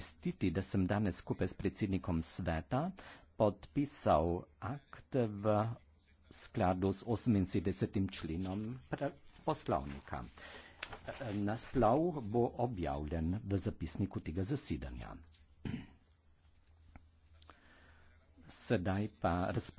čestiti, da sem danes skupaj s predsednikom sveta podpisal akt v skladu s 78. členom poslovnika. Naslov bo objavljen v zapisniku tega zasedanja. Sedaj pa razpolagam.